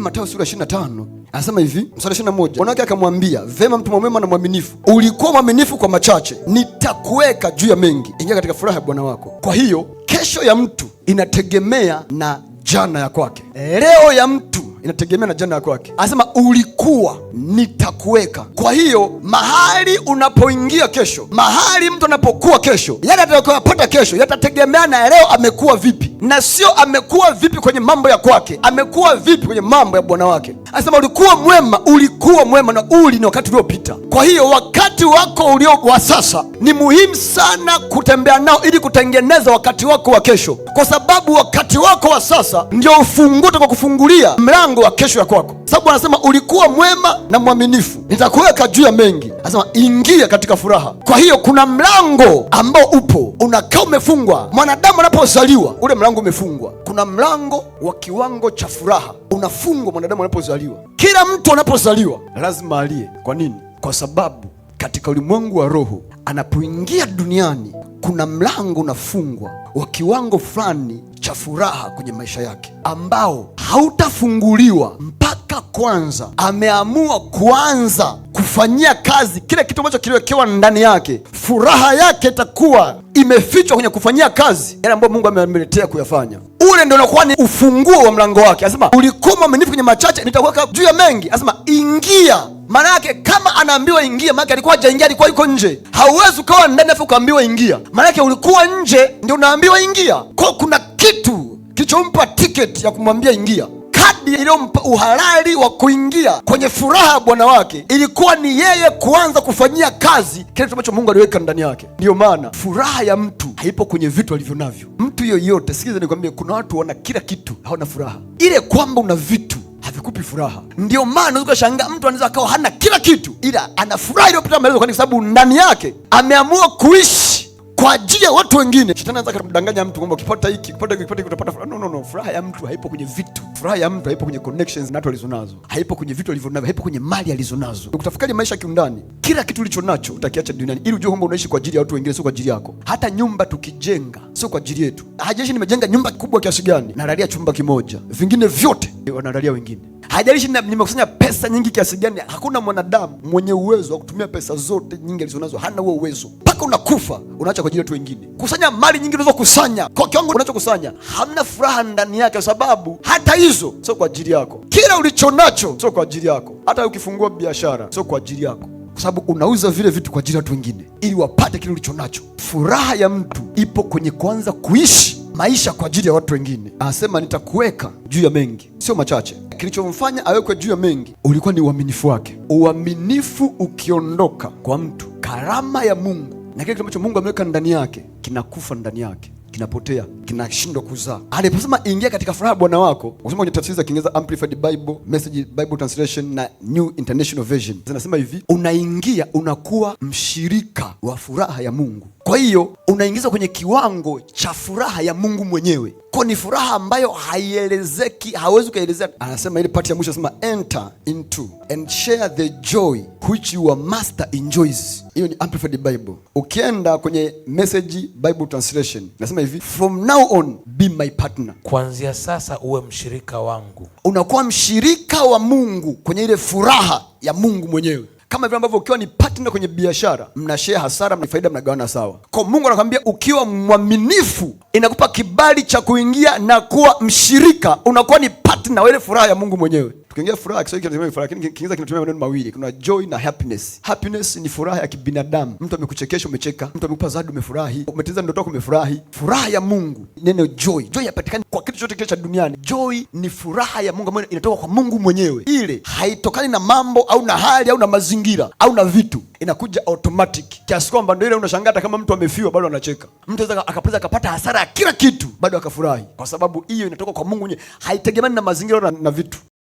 Mathayo sura 25 anasema hivi mstari 21, bwana akamwambia, vema mtu mwema na mwaminifu, ulikuwa mwaminifu kwa machache, nitakuweka juu ya mengi, ingia katika furaha ya bwana wako. Kwa hiyo kesho ya mtu inategemea na jana ya kwake, leo ya mtu inategemea na jana ya kwake. Anasema ulikuwa, nitakuweka. Kwa hiyo mahali unapoingia kesho, mahali mtu anapokuwa kesho, yale atakayopata kesho yatategemea na leo amekuwa vipi na sio amekuwa vipi kwenye mambo ya kwake, amekuwa vipi kwenye mambo ya bwana wake anasema ulikuwa mwema, ulikuwa mwema, na uli ni wakati uliopita. Kwa hiyo wakati wako ulio wa sasa ni muhimu sana kutembea nao ili kutengeneza wakati wako wa kesho, kwa sababu wakati wako wa sasa ndio ufunguo kwa kufungulia mlango wa kesho ya kwako, sababu anasema ulikuwa mwema na mwaminifu, nitakuweka juu ya mengi. Anasema ingia katika furaha. Kwa hiyo kuna mlango ambao upo unakaa umefungwa. Mwanadamu anapozaliwa ule mlango umefungwa. Kuna mlango wa kiwango cha furaha unafungwa mwanadamu anapozaliwa kuzaliwa. kila mtu anapozaliwa lazima alie. Kwa nini? Kwa sababu katika ulimwengu wa roho anapoingia duniani kuna mlango unafungwa wa kiwango fulani cha furaha kwenye maisha yake ambao hautafunguliwa mpaka kwanza ameamua kuanza kufanyia kazi kile kitu ambacho kiliwekewa ndani yake. Furaha yake itakuwa imefichwa kwenye kufanyia kazi yale ambayo Mungu amemletea kuyafanya ule ndio unakuwa ni ufunguo wa mlango wake. Anasema ulikuwa mwaminifu kwenye machache, nitakuweka juu ya mengi. Anasema ingia maana yake kama anaambiwa ingia, maana yake alikuwa hajaingia, alikuwa yuko nje. Hauwezi ukawa ndani afu ukaambiwa ingia, maana yake ulikuwa nje ndio unaambiwa ingia. Kwa kuna kitu kilichompa tiketi ya kumwambia ingia iliyompa uhalali wa kuingia kwenye furaha ya bwana wake ilikuwa ni yeye kuanza kufanyia kazi kile ambacho Mungu aliweka ndani yake. Ndiyo maana furaha ya mtu haipo kwenye vitu alivyo navyo. Mtu yoyote, sikiliza nikwambie, kuna watu wana kila kitu, hawana furaha. Ile kwamba una vitu havikupi furaha. Ndio maana ukashangaa mtu anaweza akawa hana kila kitu, ila ana furaha iliyopita maelezo, kwa sababu ndani yake ameamua kuishi kwa ajili ya watu wengine. Shetani anaweza kumdanganya mtu kwamba ukipata hiki, ukipata hiki, ukipata hiki utapata. No, no, no. Furaha ya mtu haipo kwenye vitu. Furaha ya mtu haipo kwenye connections na watu alizonazo, haipo kwenye vitu alivyonavyo, haipo kwenye mali alizonazo. Ukitafakari maisha kiundani, kila kitu ulicho nacho utakiacha duniani, ili ujue kwamba unaishi kwa ajili ya watu wengine, sio kwa ajili yako. Hata nyumba tukijenga, sio kwa ajili yetu. Hajaishi nimejenga nyumba kubwa kiasi gani, nalalia chumba kimoja, vingine vyote wanalalia wengine. Hajalishi nimekusanya pesa nyingi kiasi gani, hakuna mwanadamu mwenye uwezo wa kutumia pesa zote nyingi alizonazo. Hana huo uwezo mpaka unakufa, unaacha kwa ajili ya watu wengine. Kusanya mali nyingi unazokusanya kwa kiwango unachokusanya, hamna furaha ndani yake, kwa sababu hata hizo sio kwa ajili yako. Kila ulichonacho sio kwa ajili yako. Hata ukifungua biashara sio kwa ajili yako, kwa sababu unauza vile vitu kwa ajili ya watu wengine ili wapate kile ulichonacho. Furaha ya mtu ipo kwenye kwanza kuishi maisha kwa ajili ya watu wengine. Anasema nitakuweka juu ya mengi, sio machache. Kilichomfanya awekwe juu ya mengi ulikuwa ni uaminifu wake. Uaminifu ukiondoka kwa mtu, karama ya Mungu na kile kitu ambacho Mungu ameweka ndani yake kinakufa ndani yake, kinapotea kinashindwa kuzaa. Aliposema ingia katika furaha Bwana wako, ukisoma kwenye tafsiri za Kiingereza Amplified Bible, Message Bible Translation na New International Version zinasema hivi, unaingia unakuwa mshirika wa furaha ya Mungu. Kwa hiyo unaingizwa kwenye kiwango cha furaha ya Mungu mwenyewe, kwa ni furaha ambayo haielezeki, hawezi kuelezea. Anasema ile pati ya mwisho anasema enter into and share the joy which your master enjoys. Hiyo ni Amplified Bible. Ukienda kwenye Message Bible Translation nasema hivi from now now on be my partner. Kuanzia sasa uwe mshirika wangu. Unakuwa mshirika wa Mungu kwenye ile furaha ya Mungu mwenyewe kama vile ambavyo ukiwa ni partner kwenye biashara mnashare hasara, mna faida mnagawana sawa. Kwa Mungu anakwambia ukiwa mwaminifu, inakupa kibali cha kuingia na kuwa mshirika, unakuwa ni partner wa ile furaha ya Mungu mwenyewe. Tukiingia furaha Kiswahili kinatumia furaha, lakini Kiingereza kinatumia maneno mawili, kuna joy na happiness. Happiness ni furaha ya kibinadamu, mtu amekuchekesha umecheka, mtu amekupa zawadi umefurahi, umetiza ndoto yako umefurahi. Furaha ya Mungu, neno joy, joy hapatikani kwa kitu chote kile cha duniani. Joy ni furaha ya Mungu ambayo inatoka kwa Mungu mwenyewe, ile haitokani na mambo au na hali au na mazingira mazingira au na vitu inakuja automatic kiasi kwamba ndio ile unashangaa kama mtu amefiwa bado anacheka. Mtu anaweza akapata akapata hasara ya kila kitu bado akafurahi, kwa sababu hiyo inatoka kwa Mungu, haitegemani na mazingira na, na vitu.